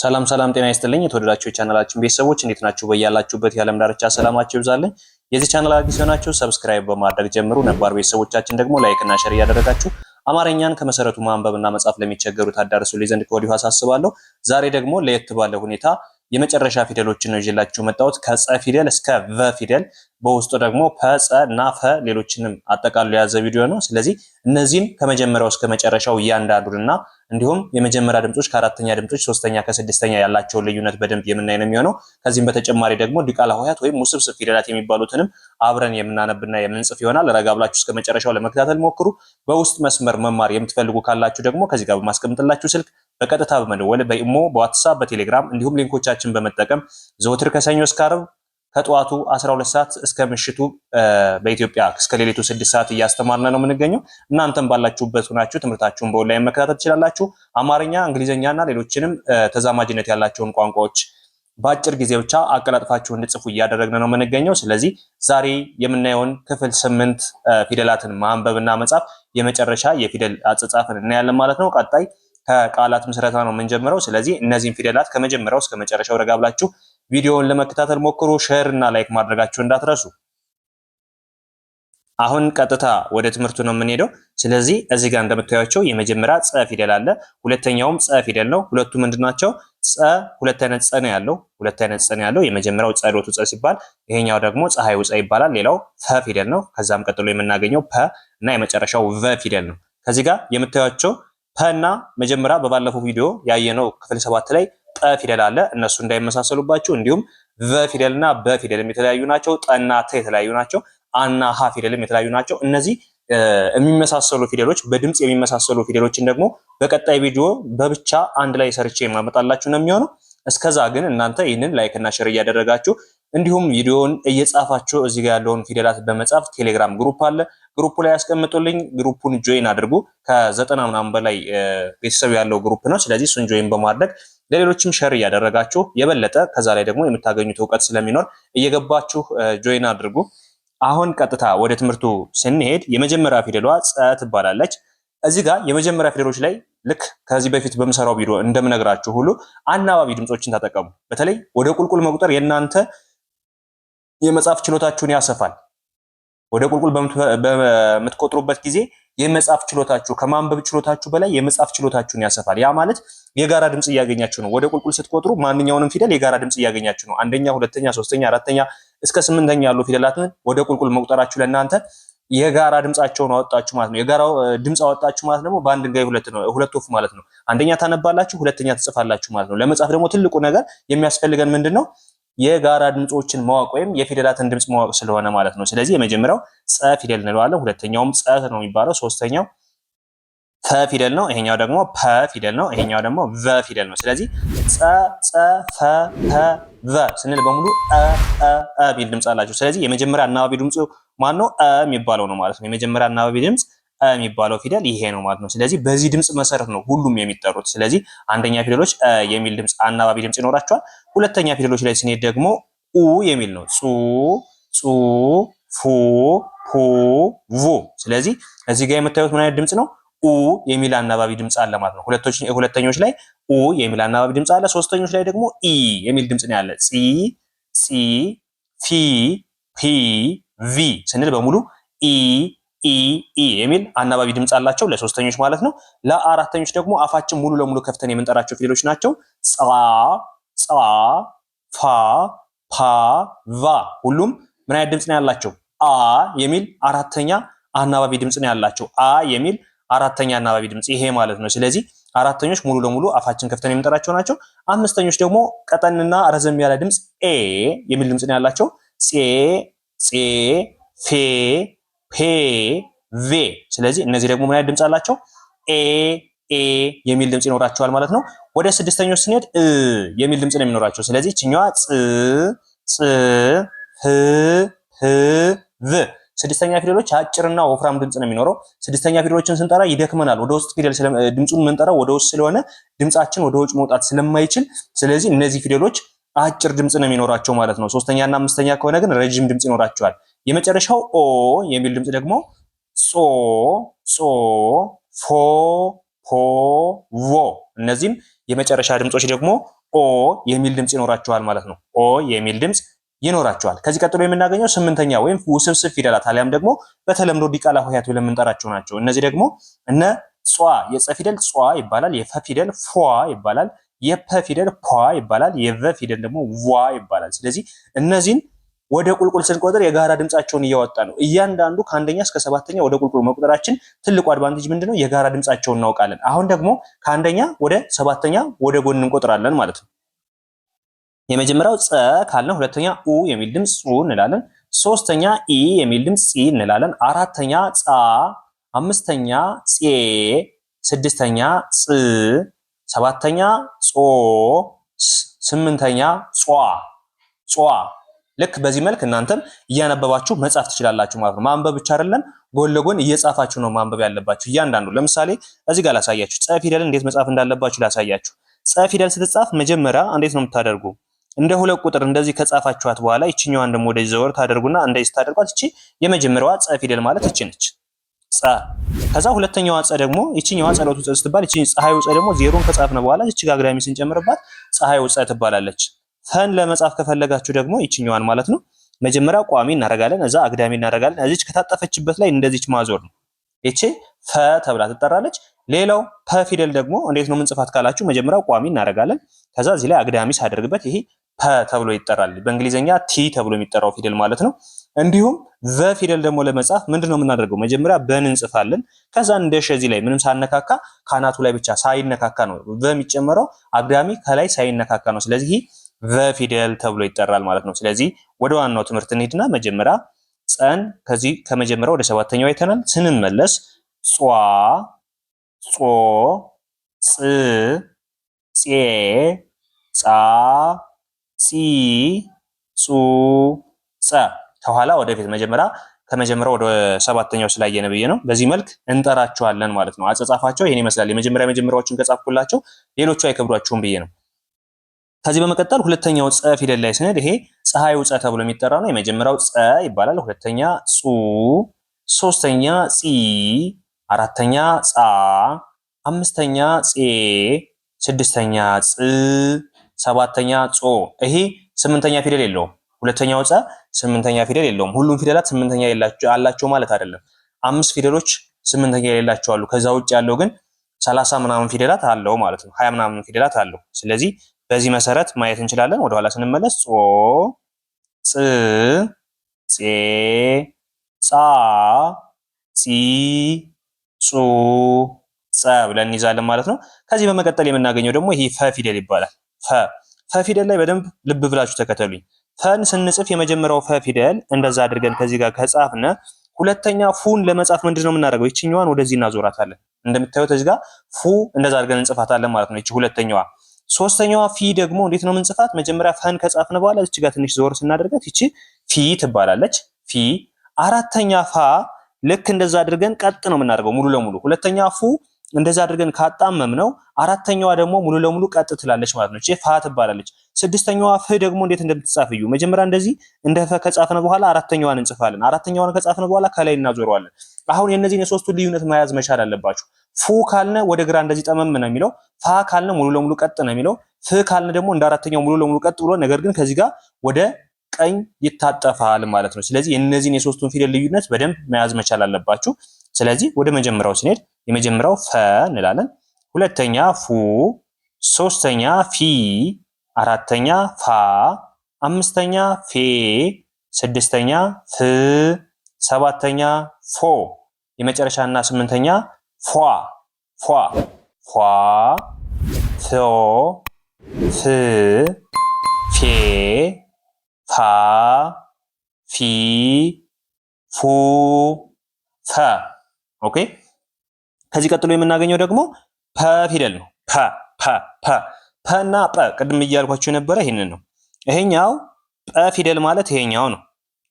ሰላም ሰላም፣ ጤና ይስጥልኝ የተወደዳችሁ የቻናላችን ቤተሰቦች እንዴት ናችሁ? በያላችሁበት የዓለም ዳርቻ ሰላማችሁ ይብዛልኝ። የዚህ ቻናል አዲስ ሲሆናችሁ ሰብስክራይብ በማድረግ ጀምሩ። ነባር ቤተሰቦቻችን ደግሞ ላይክ እና ሸር እያደረጋችሁ አማርኛን ከመሰረቱ ማንበብና መጻፍ ለሚቸገሩት አዳርሱልኝ ዘንድ ከወዲሁ አሳስባለሁ። ዛሬ ደግሞ ለየት ባለ ሁኔታ የመጨረሻ ፊደሎችን ነው ይዤላችሁ መጣሁት። ከጸ ፊደል እስከ ቨ ፊደል በውስጡ ደግሞ ፐጸ እና ፈ ሌሎችንም አጠቃሉ የያዘ ቪዲዮ ነው። ስለዚህ እነዚህን ከመጀመሪያው እስከ መጨረሻው እያንዳንዱንና እንዲሁም የመጀመሪያ ድምጾች ከአራተኛ ድምጾች ሶስተኛ ከስድስተኛ ያላቸውን ልዩነት በደንብ የምናይ ነው የሚሆነው። ከዚህም በተጨማሪ ደግሞ ዲቃላ ሆሄያት ወይም ውስብስብ ፊደላት የሚባሉትንም አብረን የምናነብና የምንጽፍ ይሆናል። ረጋ ብላችሁ እስከ መጨረሻው ለመከታተል ሞክሩ። በውስጥ መስመር መማር የምትፈልጉ ካላችሁ ደግሞ ከዚህ ጋር በማስቀምጥላችሁ ስልክ በቀጥታ በመደወል በኢሞ፣ በዋትሳፕ፣ በቴሌግራም እንዲሁም ሊንኮቻችን በመጠቀም ዘወትር ከሰኞ እስከ ዓርብ ከጠዋቱ 12 ሰዓት እስከ ምሽቱ በኢትዮጵያ እስከ ሌሊቱ ስድስት ሰዓት እያስተማርን ነው የምንገኘው። እናንተም ባላችሁበት ሆናችሁ ትምህርታችሁን በኦንላይን መከታተል ትችላላችሁ። አማርኛ፣ እንግሊዝኛና ሌሎችንም ተዛማጅነት ያላቸውን ቋንቋዎች በአጭር ጊዜ ብቻ አቀላጥፋችሁ እንድጽፉ እያደረግን ነው የምንገኘው። ስለዚህ ዛሬ የምናየውን ክፍል ስምንት ፊደላትን ማንበብና መጻፍ የመጨረሻ የፊደል አጻጻፍን እናያለን ማለት ነው። ቀጣይ ከቃላት ምስረታ ነው የምንጀምረው። ስለዚህ እነዚህን ፊደላት ከመጀመሪያው እስከ መጨረሻው ረጋ ብላችሁ ቪዲዮውን ለመከታተል ሞክሩ። ሼር እና ላይክ ማድረጋችሁ እንዳትረሱ። አሁን ቀጥታ ወደ ትምህርቱ ነው የምንሄደው። ስለዚህ እዚህ ጋር እንደምታዩቸው የመጀመሪያ ጸ ፊደል አለ፣ ሁለተኛውም ፀ ፊደል ነው። ሁለቱ ምንድናቸው? ፀ ሁለት አይነት ጸ ነው ያለው፣ ሁለት አይነት ጸ ነው ያለው። የመጀመሪያው ጸሎቱ ጸ ሲባል፣ ይሄኛው ደግሞ ፀሐዩ ፀ ይባላል። ሌላው ፈ ፊደል ነው። ከዛም ቀጥሎ የምናገኘው ፐ እና የመጨረሻው ቨ ፊደል ነው። ከዚህ ጋር የምታዩቸው ፐ እና መጀመሪያ በባለፈው ቪዲዮ ያየነው ክፍል ሰባት ላይ ጠ ፊደል አለ። እነሱ እንዳይመሳሰሉባችሁ እንዲሁም ቨ ፊደልና በ ፊደልም የተለያዩ ናቸው። ጠና ተ የተለያዩ ናቸው። አና ሀ ፊደልም የተለያዩ ናቸው። እነዚህ የሚመሳሰሉ ፊደሎች በድምፅ የሚመሳሰሉ ፊደሎችን ደግሞ በቀጣይ ቪዲዮ በብቻ አንድ ላይ ሰርቼ የማመጣላችሁ ነው የሚሆነው። እስከዛ ግን እናንተ ይህንን ላይክ እና ሼር እያደረጋችሁ እንዲሁም ቪዲዮውን እየጻፋችሁ እዚህ ጋር ያለውን ፊደላት በመጻፍ ቴሌግራም ግሩፕ አለ። ግሩፑ ላይ ያስቀምጡልኝ። ግሩፑን ጆይን አድርጉ። ከዘጠና ምናምን በላይ ቤተሰብ ያለው ግሩፕ ነው። ስለዚህ እሱን ጆይን በማድረግ ለሌሎችም ሸር እያደረጋችሁ የበለጠ ከዛ ላይ ደግሞ የምታገኙት እውቀት ስለሚኖር እየገባችሁ ጆይን አድርጉ። አሁን ቀጥታ ወደ ትምህርቱ ስንሄድ የመጀመሪያ ፊደሏ ጸ ትባላለች። እዚህ ጋር የመጀመሪያ ፊደሎች ላይ ልክ ከዚህ በፊት በምሰራው ቪዲዮ እንደምነግራችሁ ሁሉ አናባቢ ድምፆችን ተጠቀሙ። በተለይ ወደ ቁልቁል መቁጠር የእናንተ የመጻፍ ችሎታችሁን ያሰፋል። ወደ ቁልቁል በምትቆጥሩበት ጊዜ የመጻፍ ችሎታችሁ ከማንበብ ችሎታችሁ በላይ የመጻፍ ችሎታችሁን ያሰፋል። ያ ማለት የጋራ ድምፅ እያገኛችሁ ነው። ወደ ቁልቁል ስትቆጥሩ ማንኛውንም ፊደል የጋራ ድምፅ እያገኛችሁ ነው። አንደኛ፣ ሁለተኛ፣ ሶስተኛ፣ አራተኛ እስከ ስምንተኛ ያሉ ፊደላትን ወደ ቁልቁል መቁጠራችሁ ለእናንተ የጋራ ድምጻቸውን አወጣችሁ ማለት ነው። የጋራ ድምፅ አወጣችሁ ማለት ደግሞ በአንድ ድንጋይ ሁለት ነው፣ ሁለት ወፍ ማለት ነው። አንደኛ ታነባላችሁ፣ ሁለተኛ ትጽፋላችሁ ማለት ነው። ለመጻፍ ደግሞ ትልቁ ነገር የሚያስፈልገን ምንድን ነው? የጋራ ድምፆችን ማወቅ ወይም የፊደላትን ድምፅ ማወቅ ስለሆነ ማለት ነው። ስለዚህ የመጀመሪያው ፀ ፊደል እንለዋለን። ሁለተኛውም ጸ ነው የሚባለው። ሶስተኛው ተ ፊደል ነው። ይሄኛው ደግሞ ፐ ፊደል ነው። ይሄኛው ደግሞ ቨ ፊደል ነው። ስለዚህ ጸ ጸ ፈ፣ ፐ፣ ቨ ስንል በሙሉ አ፣ አ፣ አ ቢል ድምፅ አላቸው። ስለዚህ የመጀመሪያ አናባቢ ድምፁ ማን ነው? አ የሚባለው ነው ማለት ነው። የመጀመሪያ አናባቢ ድምፅ እ የሚባለው ፊደል ይሄ ነው ማለት ነው። ስለዚህ በዚህ ድምፅ መሰረት ነው ሁሉም የሚጠሩት። ስለዚህ አንደኛ ፊደሎች እ የሚል ድምፅ አናባቢ ድምፅ ይኖራቸዋል። ሁለተኛ ፊደሎች ላይ ስንሄድ ደግሞ ኡ የሚል ነው። ጹ ጹ ፉ ፑ ቮ። ስለዚህ እዚህ ጋር የምታዩት ምን አይነት ድምፅ ነው? ኡ የሚል አናባቢ ድምፅ አለ ማለት ነው። ሁለተኞች ላይ ኡ የሚል አናባቢ ድምፅ አለ። ሶስተኞች ላይ ደግሞ ኢ የሚል ድምፅ ነው ያለ። ፂ ፂ ፊ ፒ ቪ ስንል በሙሉ ኢ ኢ የሚል አናባቢ ድምፅ አላቸው ለሶስተኞች ማለት ነው። ለአራተኞች ደግሞ አፋችን ሙሉ ለሙሉ ከፍተን የምንጠራቸው ፊደሎች ናቸው። ጻ ፋ ፓ ቫ ሁሉም ምን አይነት ድምፅ ነው ያላቸው? አ የሚል አራተኛ አናባቢ ድምፅ ነው ያላቸው። አ የሚል አራተኛ አናባቢ ድምፅ ይሄ ማለት ነው። ስለዚህ አራተኞች ሙሉ ለሙሉ አፋችን ከፍተን የምንጠራቸው ናቸው። አምስተኞች ደግሞ ቀጠንና ረዘም ያለ ድምፅ ኤ የሚል ድምፅ ነው ያላቸው። ፄ፣ ፄ፣ ፌ ፔ ቬ። ስለዚህ እነዚህ ደግሞ ምን አይነት ድምፅ አላቸው? ኤ ኤ የሚል ድምፅ ይኖራቸዋል ማለት ነው። ወደ ስድስተኞች ስንሄድ እ የሚል ድምፅ ነው የሚኖራቸው። ስለዚህ ችኛዋ ጽ ጽ ህ ህ ቭ ስድስተኛ ፊደሎች አጭርና ወፍራም ድምፅ ነው የሚኖረው። ስድስተኛ ፊደሎችን ስንጠራ ይደክመናል። ወደ ውስጥ ፊደል ድምፁን የምንጠራው ወደ ውስጥ ስለሆነ ድምፃችን ወደ ውጭ መውጣት ስለማይችል፣ ስለዚህ እነዚህ ፊደሎች አጭር ድምፅ ነው የሚኖራቸው ማለት ነው። ሶስተኛና አምስተኛ ከሆነ ግን ረዥም ድምፅ ይኖራቸዋል። የመጨረሻው ኦ የሚል ድምፅ ደግሞ ጾ ጾ ፎ ፖ ቮ እነዚህም የመጨረሻ ድምፆች ደግሞ ኦ የሚል ድምፅ ይኖራቸዋል ማለት ነው። ኦ የሚል ድምፅ ይኖራቸዋል። ከዚህ ቀጥሎ የምናገኘው ስምንተኛ ወይም ውስብስብ ፊደላት አሊያም ደግሞ በተለምዶ ዲቃላ ሆሄያት ብለን የምንጠራቸው ናቸው። እነዚህ ደግሞ እነ ጿ የጸ ፊደል ጿ ይባላል። የፈ ፊደል ፏ ይባላል። የፐ ፊደል ኳ ይባላል። የቨ ፊደል ደግሞ ዋ ይባላል። ስለዚህ እነዚህን ወደ ቁልቁል ስንቆጥር የጋራ ድምጻቸውን እያወጣ ነው። እያንዳንዱ ከአንደኛ እስከ ሰባተኛ ወደ ቁልቁል መቁጠራችን ትልቁ አድቫንቴጅ ምንድነው? የጋራ ድምጻቸውን እናውቃለን። አሁን ደግሞ ከአንደኛ ወደ ሰባተኛ ወደ ጎን እንቆጥራለን ማለት ነው። የመጀመሪያው ፀ ካለን፣ ሁለተኛ ኡ የሚል ድምፅ ኡ እንላለን። ሶስተኛ ኢ የሚል ድምፅ ፂ እንላለን። አራተኛ ጻ፣ አምስተኛ ፄ፣ ስድስተኛ ፅ፣ ሰባተኛ ጾ፣ ስምንተኛ ጿ ጿ ልክ በዚህ መልክ እናንተም እያነበባችሁ መጻፍ ትችላላችሁ ማለት ነው። ማንበብ ብቻ አይደለም፣ ጎን ለጎን እየጻፋችሁ ነው ማንበብ ያለባችሁ እያንዳንዱ። ለምሳሌ እዚህ ጋር ላሳያችሁ፣ ጸ ፊደል እንዴት መጻፍ እንዳለባችሁ ላሳያችሁ። ጸ ፊደል ስትጻፍ መጀመሪያ እንዴት ነው የምታደርጉ? እንደ ሁለት ቁጥር እንደዚህ ከጻፋችኋት በኋላ ይችኛዋን ደግሞ ወደዚህ ዘወር ታደርጉና እንደዚህ ታደርጓት። እቺ የመጀመሪያዋ ጸ ፊደል ማለት እቺ ነች፣ ጸ። ከዛ ሁለተኛዋ ጸ ደግሞ ይችኛዋ ጸሎቱ ጸ ስትባል፣ ይቺ ፀሐዩ ጸ ደግሞ ዜሮን ከጻፍነ በኋላ እቺ ጋር ግራሚ ስንጨምርባት ፀሐዩ ጸ ትባላለች። ፈን ለመጻፍ ከፈለጋችሁ ደግሞ ይችኛዋን ማለት ነው። መጀመሪያ ቋሚ እናደርጋለን፣ እዛ አግዳሚ እናደርጋለን። እዚች ከታጠፈችበት ላይ እንደዚች ማዞር ነው። ይቺ ፈ ተብላ ትጠራለች። ሌላው ፐ ፊደል ደግሞ እንዴት ነው ምንጽፋት ካላችሁ መጀመሪያ ቋሚ እናደርጋለን። ከዛ እዚህ ላይ አግዳሚ ሳደርግበት ይሄ ፐ ተብሎ ይጠራል። በእንግሊዝኛ ቲ ተብሎ የሚጠራው ፊደል ማለት ነው። እንዲሁም ቨ ፊደል ደግሞ ለመጻፍ ምንድነው የምናደርገው? መጀመሪያ በን እንጽፋለን። ከዛ እንደ ሸ ላይ ምንም ሳነካካ ካናቱ ላይ ብቻ ሳይነካካ ነው ቨ የሚጨመረው አግዳሚ ከላይ ሳይነካካ ነው። ስለዚህ በፊደል ተብሎ ይጠራል ማለት ነው። ስለዚህ ወደ ዋናው ትምህርት እንሂድና መጀመሪያ ፀን ከዚህ ከመጀመሪያ ወደ ሰባተኛው አይተናል። ስንመለስ ጿ፣ ጾ፣ ጽ፣ ጼ፣ ጻ፣ ጺ፣ ጹ፣ ጸ ከኋላ ወደፊት መጀመሪያ ከመጀመሪያ ወደ ሰባተኛው ስላየነ ብዬ ነው። በዚህ መልክ እንጠራቸዋለን ማለት ነው። አጸጻፋቸው ይሄን ይመስላል። የመጀመሪያ መጀመሪያዎችን ከጻፍኩላቸው ሌሎቹ አይከብዷችሁም ብዬ ነው። ከዚህ በመቀጠል ሁለተኛው ፀ ፊደል ላይ ስንሄድ ይሄ ፀሐዩ ፀ ተብሎ የሚጠራ ነው። የመጀመሪያው ፀ ይባላል። ሁለተኛ ጹ፣ ሶስተኛ ጺ፣ አራተኛ ጻ፣ አምስተኛ ፄ፣ ስድስተኛ ጽ፣ ሰባተኛ ጾ። ይሄ ስምንተኛ ፊደል የለውም። ሁለተኛው ፀ ስምንተኛ ፊደል የለውም። ሁሉም ፊደላት ስምንተኛ አላቸው ማለት አይደለም። አምስት ፊደሎች ስምንተኛ የሌላቸው አሉ። ከዛ ውጭ ያለው ግን ሰላሳ ምናምን ፊደላት አለው ማለት ነው። ሀያ ምናምን ፊደላት አለው። ስለዚህ በዚህ መሰረት ማየት እንችላለን። ወደኋላ ስንመለስ ጾ፣ ጽ፣ ጼ፣ ጻ፣ ጺ፣ ጹ፣ ጸ ብለን እንይዛለን ማለት ነው። ከዚህ በመቀጠል የምናገኘው ደግሞ ይሄ ፈ ፊደል ይባላል። ፈ ፈ ፊደል ላይ በደንብ ልብ ብላችሁ ተከተሉኝ። ፈን ስንጽፍ የመጀመሪያው ፈ ፊደል እንደዛ አድርገን ከዚህ ጋር ከጻፍነ ሁለተኛ ፉን ለመጻፍ ምንድን ነው የምናደርገው? ይችኛዋን ወደዚህ እናዞራታለን። እንደምታዩት እዚህ ጋር ፉ እንደዛ አድርገን እንጽፋታለን ማለት ነው። ይቺ ሁለተኛዋ ሶስተኛዋ ፊ ደግሞ እንዴት ነው የምንጽፋት? መጀመሪያ ፈን ከጻፍን በኋላ እች ጋር ትንሽ ዞር ስናደርጋት ይቺ ፊ ትባላለች። ፊ አራተኛ ፋ ልክ እንደዛ አድርገን ቀጥ ነው የምናደርገው ሙሉ ለሙሉ። ሁለተኛ ፉ እንደዛ አድርገን ካጣመም ነው። አራተኛዋ ደግሞ ሙሉ ለሙሉ ቀጥ ትላለች ማለት ነው። ፋ ትባላለች። ስድስተኛዋ ፍ ደግሞ እንዴት እንደምትጻፍ እዩ። መጀመሪያ እንደዚህ እንደ ፈ ከጻፍን በኋላ አራተኛዋን እንጽፋለን። አራተኛዋን ከጻፍነ በኋላ ከላይ እናዞረዋለን። አሁን የእነዚህን የሶስቱን ልዩነት መያዝ መቻል አለባችሁ። ፉ ካልነ ወደ ግራ እንደዚህ ጠመም ነው የሚለው። ፋ ካልነ ሙሉ ለሙሉ ቀጥ ነው የሚለው። ፍ ካልነ ደግሞ እንደ አራተኛው ሙሉ ለሙሉ ቀጥ ብሎ ነገር ግን ከዚህ ጋር ወደ ቀኝ ይታጠፋል ማለት ነው። ስለዚህ የእነዚህን የሶስቱን ፊደል ልዩነት በደንብ መያዝ መቻል አለባችሁ። ስለዚህ ወደ መጀመሪያው ስንሄድ የመጀመሪያው ፈ እንላለን፣ ሁለተኛ ፉ፣ ሶስተኛ ፊ፣ አራተኛ ፋ፣ አምስተኛ ፌ፣ ስድስተኛ ፍ፣ ሰባተኛ ፎ፣ የመጨረሻና ስምንተኛ ፏ ፏ ፏ ፎ ፍ ፌ ፋ ፊ ፉ ፈ ኦኬ። ከዚህ ቀጥሎ የምናገኘው ደግሞ ፐ ፊደል ነው። ፐ ፐ ፐ ፐ እና ጰ ቅድም እያልኳቸው የነበረ ይህንን ነው። ይሄኛው ጰ ፊደል ማለት ይሄኛው ነው።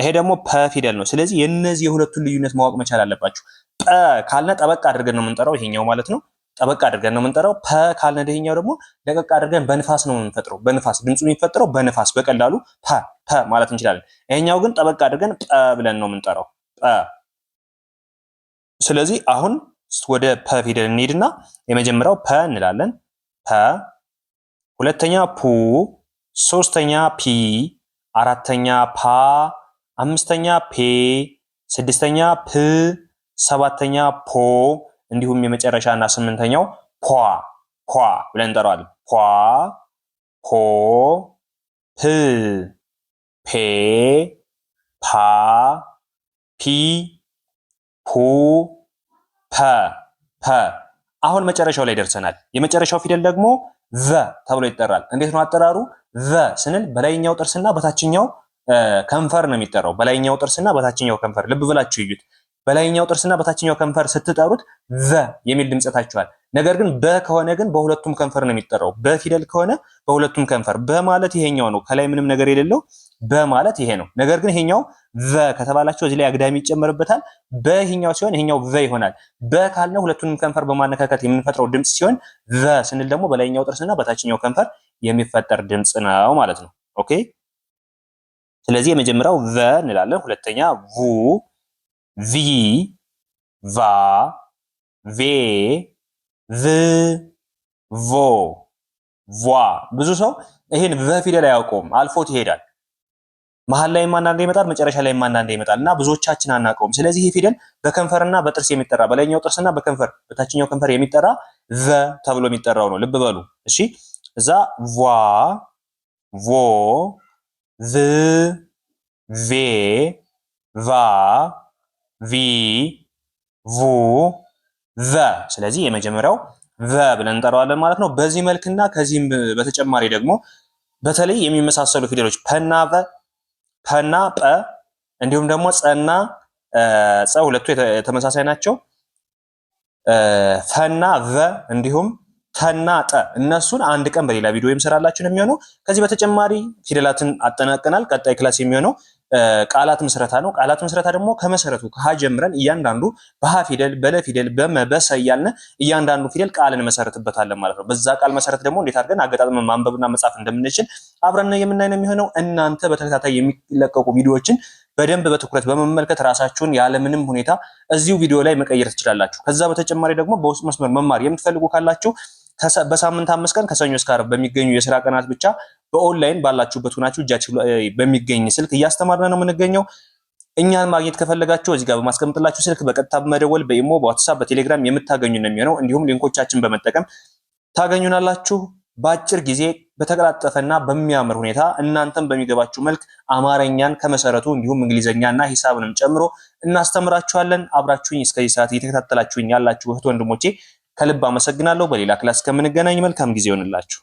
ይሄ ደግሞ ፐ ፊደል ነው። ስለዚህ የእነዚህ የሁለቱን ልዩነት ማወቅ መቻል አለባችሁ። ጠ ካልነ ጠበቅ አድርገን ነው የምንጠራው፣ ይሄኛው ማለት ነው። ጠበቅ አድርገን ነው የምንጠራው። ፐ ካልነ ይሄኛው ደግሞ ለቀቅ አድርገን በንፋስ ነው የምንፈጥረው። በንፋስ ድምፁ የሚፈጥረው በንፋስ በቀላሉ ፐ ፐ ማለት እንችላለን። ይሄኛው ግን ጠበቅ አድርገን ጠ ብለን ነው የምንጠራው። ጠ ስለዚህ አሁን ወደ ፐ ፊደል እንሄድና የመጀመሪያው ፐ እንላለን። ፐ ሁለተኛ ፑ፣ ሶስተኛ ፒ፣ አራተኛ ፓ፣ አምስተኛ ፔ፣ ስድስተኛ ፕ ሰባተኛ ፖ እንዲሁም የመጨረሻ እና ስምንተኛው ኳ ኳ ብለን እንጠራዋለን። ፖ ፖ ፕ ፔ ፓ ፒ ፑ ፐ ፐ። አሁን መጨረሻው ላይ ደርሰናል። የመጨረሻው ፊደል ደግሞ ቨ ተብሎ ይጠራል። እንዴት ነው አጠራሩ? ቨ ስንል በላይኛው ጥርስና በታችኛው ከንፈር ነው የሚጠራው። በላይኛው ጥርስና በታችኛው ከንፈር ልብ ብላችሁ ይዩት። በላይኛው ጥርስና በታችኛው ከንፈር ስትጠሩት ቨ የሚል ድምፅ ነገር ግን በ ከሆነ ግን በሁለቱም ከንፈር ነው የሚጠራው። በፊደል ከሆነ በሁለቱም ከንፈር በማለት ይሄኛው ነው። ከላይ ምንም ነገር የሌለው በማለት ይሄ ነው። ነገር ግን ይሄኛው ቨ ከተባላቸው እዚህ ላይ አግዳሚ ይጨመርበታል። በይሄኛው ሲሆን ይሄኛው ቨ ይሆናል። ካልነው ሁለቱንም ከንፈር በማነካከት የምንፈጥረው ድምፅ ሲሆን ቨ ስንል ደግሞ በላይኛው ጥርስና በታችኛው ከንፈር የሚፈጠር ድምጽ ነው ማለት ነው። ኦኬ። ስለዚህ የመጀመሪያው ቨ እንላለን። ሁለተኛ ቡ ቪ ቫ ቬ ቭ ቮ ቮ። ብዙ ሰው ይህን ቨ ፊደል አያውቀውም፣ አልፎት ይሄዳል። መሀል ላይ አንዳንዴ ይመጣል፣ መጨረሻ ላይ አንዳንዴ ይመጣል እና ብዙዎቻችን አናውቀውም። ስለዚህ ይሄ ፊደል በከንፈርና በጥርስ የሚጠራ በላይኛው ጥርስና በከንፈር በታችኛው ከንፈር የሚጠራ ቨ ተብሎ የሚጠራው ነው። ልብ በሉ እሺ። እዛ ቫ ቮ ቭ ቬ ቫ ቪ ቩ ቨ። ስለዚህ የመጀመሪያው ቨ ብለን እንጠራዋለን ማለት ነው። በዚህ መልክና ከዚህም በተጨማሪ ደግሞ በተለይ የሚመሳሰሉ ፊደሎች ፐና ቨ፣ ፐና ጰ እንዲሁም ደግሞ ጸና ጸ ሁለቱ ተመሳሳይ ናቸው። ፈና ቨ እንዲሁም ተና ጠ እነሱን አንድ ቀን በሌላ ቪዲዮ የምሰራላችሁ ነው የሚሆነው። ከዚህ በተጨማሪ ፊደላትን አጠናቀናል። ቀጣይ ክላስ የሚሆነው ቃላት ምስረታ ነው። ቃላት ምስረታ ደግሞ ከመሰረቱ ከሀ ጀምረን እያንዳንዱ በሀ ፊደል በለ ፊደል በመ በሰ እያልን እያንዳንዱ ፊደል ቃል እንመሰርትበታለን ማለት ነው። በዛ ቃል መሰረት ደግሞ እንዴት አድርገን አገጣጥመ ማንበብና መጻፍ እንደምንችል አብረን የምናይ ነው የሚሆነው። እናንተ በተከታታይ የሚለቀቁ ቪዲዮዎችን በደንብ በትኩረት በመመልከት ራሳችሁን ያለምንም ሁኔታ እዚሁ ቪዲዮ ላይ መቀየር ትችላላችሁ። ከዛ በተጨማሪ ደግሞ በውስጥ መስመር መማር የምትፈልጉ ካላችሁ በሳምንት አምስት ቀን ከሰኞ እስከ ዓርብ በሚገኙ የስራ ቀናት ብቻ በኦንላይን ባላችሁበት ሁናችሁ እጃችሁ በሚገኝ ስልክ እያስተማርን ነው የምንገኘው። እኛን ማግኘት ከፈለጋችሁ እዚህ ጋር በማስቀምጥላችሁ ስልክ በቀጥታ በመደወል በኢሞ፣ በዋትሳፕ፣ በቴሌግራም የምታገኙ ነው የሚሆነው። እንዲሁም ሊንኮቻችን በመጠቀም ታገኙናላችሁ። በአጭር ጊዜ በተቀላጠፈና በሚያምር ሁኔታ እናንተም በሚገባችሁ መልክ አማርኛን ከመሰረቱ እንዲሁም እንግሊዝኛ እና ሂሳብንም ጨምሮ እናስተምራችኋለን። አብራችሁኝ እስከዚህ ሰዓት እየተከታተላችሁኝ ያላችሁ እህት ወንድሞቼ ከልብ አመሰግናለሁ። በሌላ ክላስ ከምንገናኝ መልካም ጊዜ ይሆንላችሁ።